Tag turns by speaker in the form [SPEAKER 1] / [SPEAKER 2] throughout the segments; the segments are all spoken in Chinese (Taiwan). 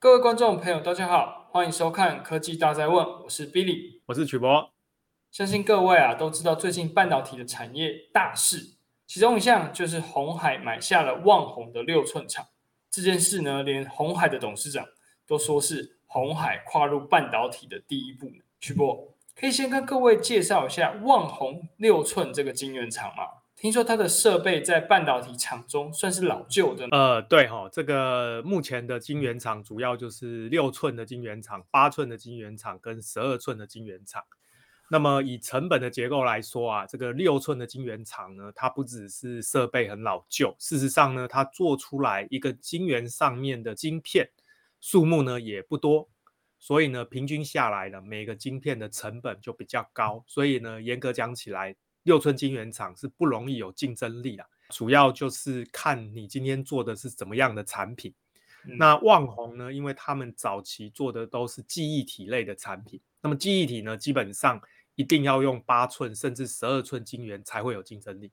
[SPEAKER 1] 各位觀眾朋友，大家好，歡迎收看《科技大哉問》，我是 Billy，我是曲博。相信各位啊，都知道最近半導體的產業大事，其中一項就是鴻海買下了旺宏的六吋廠。這件事呢，連鴻海的董事長都說是鴻海跨入半導體的第一步。曲博，可以先跟各位介紹一下旺宏六吋這個晶圓廠嗎？聽說它的設備在半導體廠中算是老舊的呢？呃，
[SPEAKER 2] 對哈、哦，這個目前的晶圓廠主要就是六寸的晶圓廠、八寸的晶圓廠跟十二寸的晶圓廠。那麼以成本的結構來說啊，這個六寸的晶圓廠呢，它不只是設備很老舊，事實上呢，它做出來一個晶圓上面的晶片數目呢也不多，所以呢，平均下來呢，每個晶片的成本就比較高。所以呢，嚴格講起來。六寸晶圓廠是不容易有競爭力的啊，主要就是看你今天做的是怎麼樣的產品。那旺宏呢？因為他們早期做的都是記憶體類的產品，那麼記憶體呢，基本上一定要用八寸甚至十二寸晶圓才會有競爭力。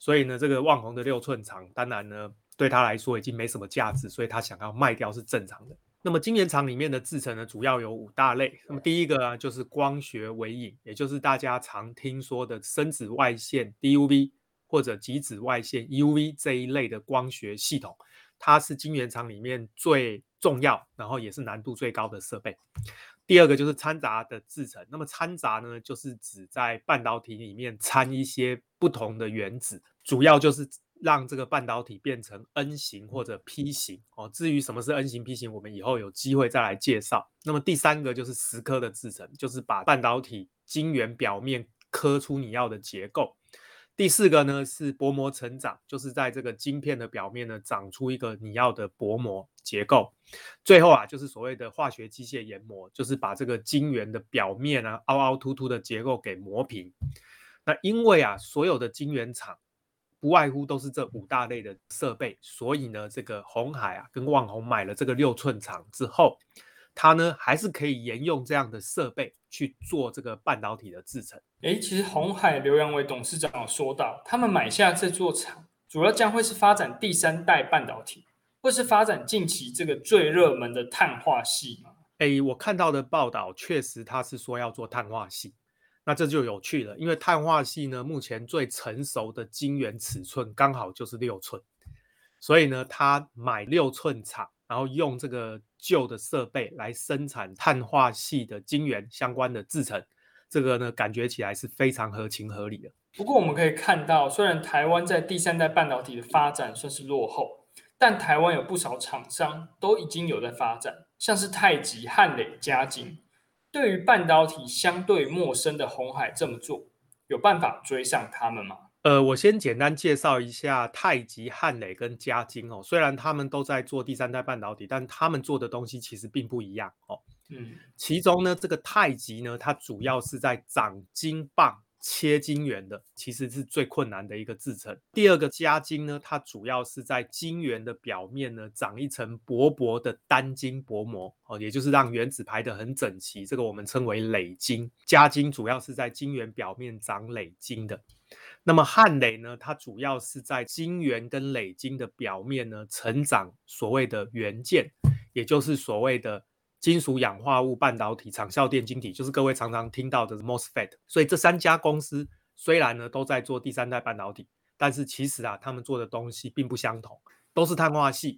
[SPEAKER 2] 所以呢，這個旺宏的六寸廠，當然呢，對他來說已經沒什麼價值，所以他想要賣掉是正常的。那麼晶圓廠裡面的製程呢，主要有五大類。那麼第一個呢，就是光學微影，也就是大家常聽說的深紫外線 （DUV） 或者極紫外線 （EUV） 這一類的光學系統，它是晶圓廠裡面最重要，然後也是難度最高的設備。第二個就是摻雜的製程。那麼摻雜呢，就是指在半導體裡面摻一些不同的原子，主要就是。讓這個半導體變成 N 型或者 P 型哦。至於什麼是 N 型、P 型，我們以後有機會再來介紹。那麼第三個就是蝕刻的制程，就是把半導體晶圓表面刻出你要的結構。第四個呢是薄膜成長，就是在這個晶片的表面呢長出一個你要的薄膜結構。最後啊就是所謂的化學機械研磨，就是把這個晶圓的表面呢、啊、凹凹凸凸的結構給磨平。那因為啊所有的晶圓廠。不外乎都是這五大類的設備，所以呢，這個鴻海啊跟旺宏買了這個六寸廠之後，它呢還是可以沿用這樣的設備去做這個半導體的製
[SPEAKER 1] 程。誒，其實鴻海劉揚偉董事長有說到，他們買下這座廠，主要將會是發展第三代半導體，或是發展近期這個最熱門的碳化矽。
[SPEAKER 2] 誒，哎，我看到的報道確實他是說要做碳化矽。那這就有趣了，因為碳化矽呢，目前最成熟的晶圓尺寸剛好就是六寸，所以呢，他買六寸廠，然後用這個舊的設備來生產碳化矽的晶圓相關的製程，這個呢，感覺起來是非常合情合理的。
[SPEAKER 1] 不過我們可以看到，雖然台灣在第三代半導體的發展算是落後，但台灣有不少廠商都已經有在發展，像是太極、漢磊、嘉晶。對於半導體相對陌生的鴻海這麼做，有辦法追上他們嗎？
[SPEAKER 2] 呃，我先簡單介紹一下太極、漢磊跟嘉晶哦。雖然他們都在做第三代半導體，但他們做的東西其實並不一樣哦。嗯，其中呢，這個太極呢，它主要是在長晶棒。切晶圓的其實是最困難的一個製程。第二個嘉晶呢，它主要是在晶圓的表面呢長一層薄薄的單晶薄膜哦，也就是讓原子排得很整齊。這個我們稱為磊晶。嘉晶主要是在晶圓表面長磊晶的。那麼漢磊呢，它主要是在晶圓跟磊晶的表面呢成長所謂的元件，也就是所謂的。金屬氧化物半導體場效電晶體，就是各位常常聽到的 MOSFET。所以這三家公司雖然呢都在做第三代半導體，但是其實啊，他們做的東西並不相同，都是碳化矽。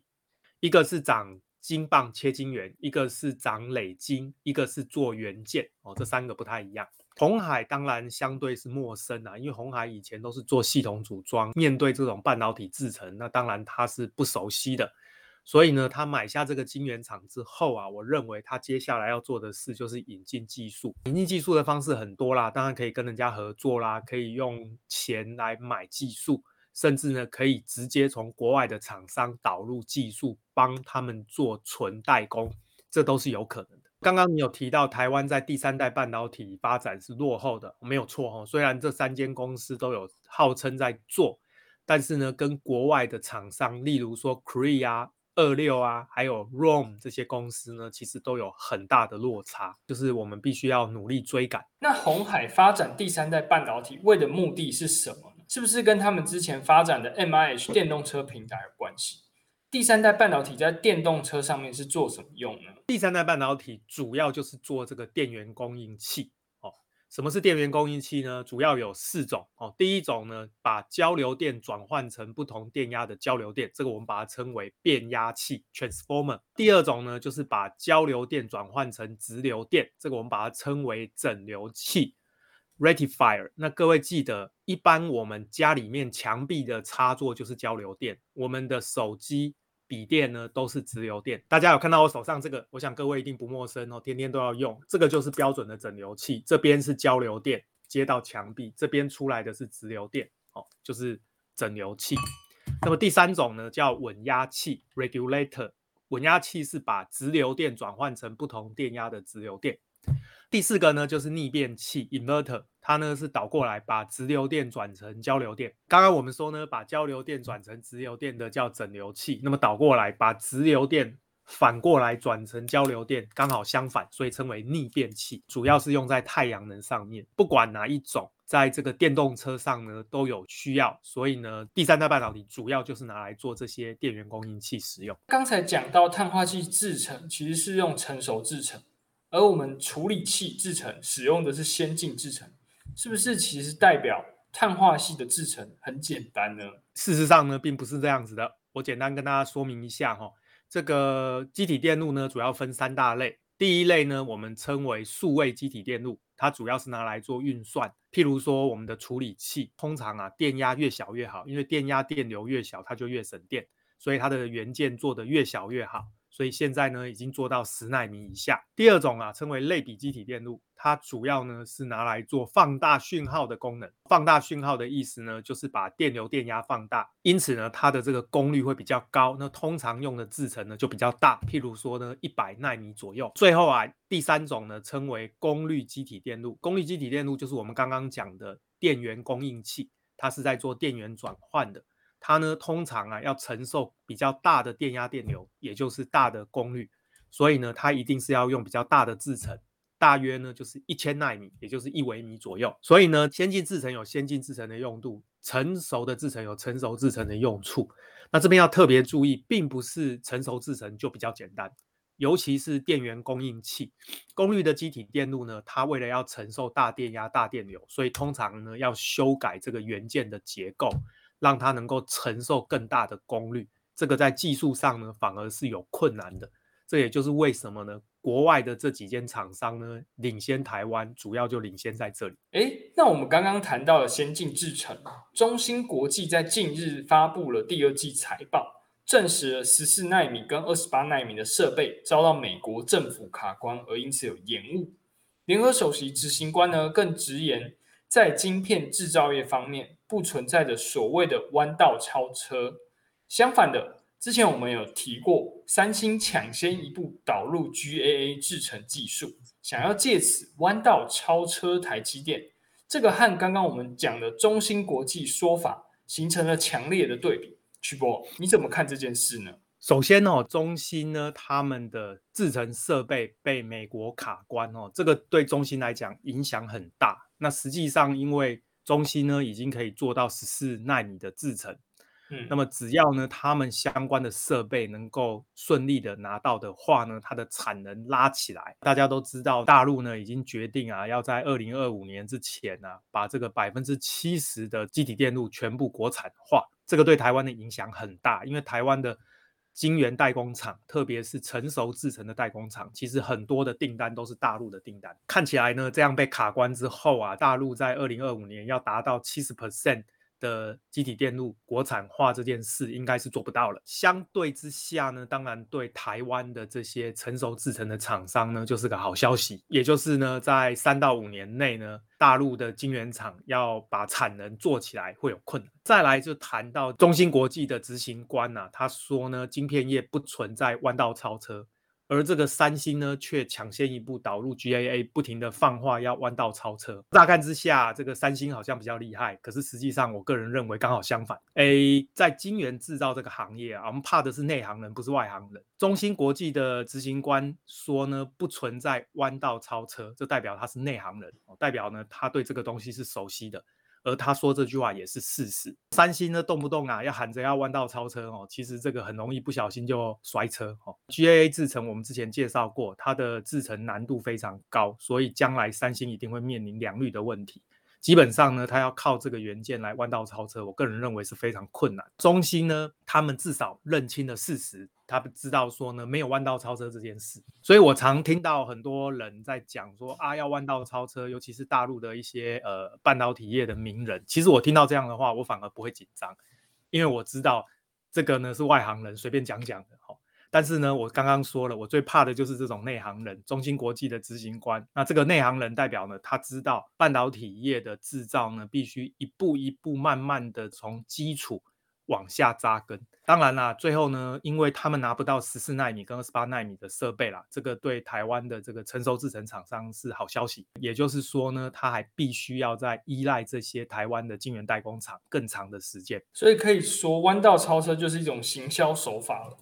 [SPEAKER 2] 一個是長晶棒切晶圓，一個是長磊晶，一個是做元件哦，這三個不太一樣。鴻海當然相對是陌生啊，因為鴻海以前都是做系統組裝，面對這種半導體製程，那當然它是不熟悉的。所以呢，他買下這個晶圓廠之後啊，我認為他接下來要做的事就是引進技術。引進技術的方式很多啦，當然可以跟人家合作啦，可以用錢來買技術，甚至呢可以直接從國外的廠商導入技術，幫他們做純代工，這都是有可能的。剛剛你有提到台灣在第三代半導體發展是落後的，沒有錯哈、哦。雖然這三間公司都有號稱在做，但是呢，跟國外的廠商，例如說 Cree 啊二六啊，還有 Rohm 這些公司呢，其實都有很大的落差，就是我們必須要努力追趕。
[SPEAKER 1] 那鴻海發展第三代半導體為的目的是什麼？是不是跟他們之前發展的 M I H 電動車平台有關係？第三代半導體在電動車上面是做什麼用呢？
[SPEAKER 2] 第三代半導體主要就是做這個電源供應器。什麼是電源供應器呢？主要有四種哦。第一種呢，把交流電轉換成不同電壓的交流電，這個我們把它稱為變壓器 （transformer）。第二種呢，就是把交流電轉換成直流電，這個我們把它稱為整流器 r e t i f i e r 那各位記得，一般我們家裡面牆壁的插座就是交流電，我們的手機。筆電呢都是直流電,大家有看到我手上這個，我想各位一定不陌生哦，天天都要用，這個就是標準的整流器，這邊是交流電接到牆壁，這邊出來的是直流電，哦，就是整流器。那麼第三種呢叫穩壓器 （Regulator），穩壓器是把直流電轉換成不同電壓的直流電。第四個呢，就是逆變器 （inverter），它呢是倒過來把直流電轉成交流電。剛剛我們說呢，把交流電轉成直流電的叫整流器，那麼倒過來把直流電反過來轉成交流電，剛好相反，所以稱為逆變器。主要是用在太陽能上面，不管哪一種，在這個電動車上呢都有需要。所以呢，第三代半導體主要就是拿來做這些電源供應器使用。
[SPEAKER 1] 剛才講到碳化矽製程，其實是用成熟製程。而我們處理器製程使用的是先進製程，是不是其實代表碳化矽的製程很簡單呢？
[SPEAKER 2] 事實上呢，並不是這樣子的。我簡單跟大家說明一下哈、哦，這個積體電路呢，主要分三大類。第一類呢，我們稱為數位積體電路，它主要是拿來做運算，譬如說我們的處理器，通常啊，電壓越小越好，因為電壓電流越小，它就越省電，所以它的元件做得越小越好。所以現在呢，已經做到十奈米以下。第二種啊，稱為類比積體電路，它主要呢是拿來做放大訊號的功能。放大訊號的意思呢，就是把電流、電壓放大，因此呢，它的這個功率會比較高。那通常用的製程呢，就比較大，譬如說呢一百奈米左右。最後啊，第三種呢稱為功率積體電路。功率積體電路就是我們剛剛講的電源供應器，它是在做電源轉換的。它呢通常，啊要承受比較大的電壓、電流，也就是大的功率，所以呢它一定是要用比較大的製程，大約呢就是一千奈米，也就是一微米左右。所以呢先進製程有先進製程的用度，成熟的製程有成熟製程的用處。那這邊要特別注意，並不是成熟製程就比較簡單，尤其是電源供應器、功率的積體電路呢，它為了要承受大電壓、大電流，所以通常呢要修改這個元件的結構。讓它能夠承受更大的功率，這個在技術上呢，反而是有困難的。這也就是為什麼呢，國外的這幾間廠商呢，領先台灣，主要就領先在這裡。誒，
[SPEAKER 1] 那我們剛剛談到了先進製程，中芯國際在近日發布了第二季財報，證實了十四奈米跟二十八奈米的設備遭到美國政府卡關，而因此有延誤。聯合首席執行官呢，更直言，在芯片製造業方面，不存在的所謂的彎道超車。相反的，之前我們有提過，三星搶先一步導入 GAA 製程技術，想要借此彎道超車台積電。這個和剛剛我們講的中芯國際說法形成了強烈的對比。曲博，你怎麼看這件事呢？
[SPEAKER 2] 首先呢，哦，中
[SPEAKER 1] 芯呢，他們的製程
[SPEAKER 2] 設備被美國卡關哦，這個對中芯來講影響很大。那實際上，因為中芯呢已經可以做到十四納米的製程，那麼只要呢他們相關的設備能夠順利的拿到的話呢，它的產能拉起來。大家都知道，大陸呢已經決定啊，要在二零二五年之前呢、啊，把這個百分之七十的積體電路全部國產化。這個對台灣的影響很大，因為台灣的。晶圓代工廠，特別是成熟製程的代工廠，其實很多的訂單都是大陸的訂單。看起來呢，這樣被卡關之後啊，大陸在二零二五年要達到七十 percent，的積體電路國產化這件事應該是做不到了。相對之下呢，當然對台灣的這些成熟製程的廠商呢，就是個好消息。也就是呢，在三到五年內呢，大陸的晶圓廠要把產能做起來會有困難。再來就談到中芯國際的執行官吶、啊，他說呢，晶片業不存在彎道超車。而這個三星呢，卻搶先一步導入 GAA，不停地放話要彎道超車。乍看之下，這個三星好像比較厲害，可是實際上，我個人認為剛好相反。哎，在晶圓製造這個行業啊，我們怕的是內行人，不是外行人。中芯國際的執行官說呢，不存在彎道超車，就代表他是內行人，代表呢他對這個東西是熟悉的。而他說這句話也是事實。三星呢，動不動啊，要喊着要彎道超車哦，其實這個很容易不小心就摔車哦。GAA 製程我們之前介紹過，它的製程難度非常高，所以將來三星一定會面臨良率的問題。基本上呢，他要靠這個元件來彎道超車，我個人認為是非常困難。中芯呢，他們至少認清了事實，他們知道說呢，沒有彎道超車這件事。所以我常聽到很多人在講說啊，要彎道超車，尤其是大陸的一些呃半導體業的名人。其實我聽到這樣的話，我反而不會緊張，因為我知道這個呢，是外行人隨便講講的。但是呢，我剛剛說了，我最怕的就是這種內行人，中芯國際的執行官。那這個內行人代表呢，他知道半導體業的製造呢，必須一步一步慢慢地從基礎往下扎根。當然啦，最後呢，因為他們拿不到十四納米跟二十八納米的設備啦，這個對台灣的這個成熟製程廠商是好消息。也就是說呢，他還必須要再依賴這些台灣的晶圓代工廠更長的時間。
[SPEAKER 1] 所以可以說，彎道
[SPEAKER 2] 超車就是一種行銷手法了。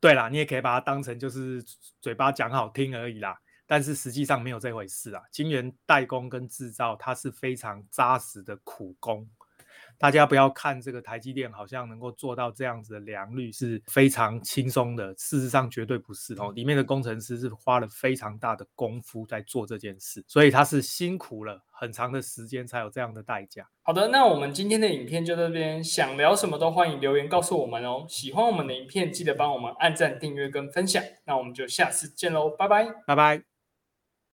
[SPEAKER 2] 對啦，你也可以把它當成就是嘴巴講好聽而已啦，但是實際上沒有這回事啊。金元代工跟製造，它是非常扎實的苦工。大家不要看這個台積電好像能夠做到這樣子的良率是非常輕鬆的，事實上絕對不是哦，裡面的工程師是花了非常大的功夫在做這件事，所以他是辛苦了很長的時間才有這樣的代價。
[SPEAKER 1] 好的，那我們今天的影片就到這邊，想聊什麼都歡迎留言告訴我們哦。喜歡我們的影片，記得幫我們按讚、訂閱跟分享，那我們就下次見嘍，拜拜，拜拜。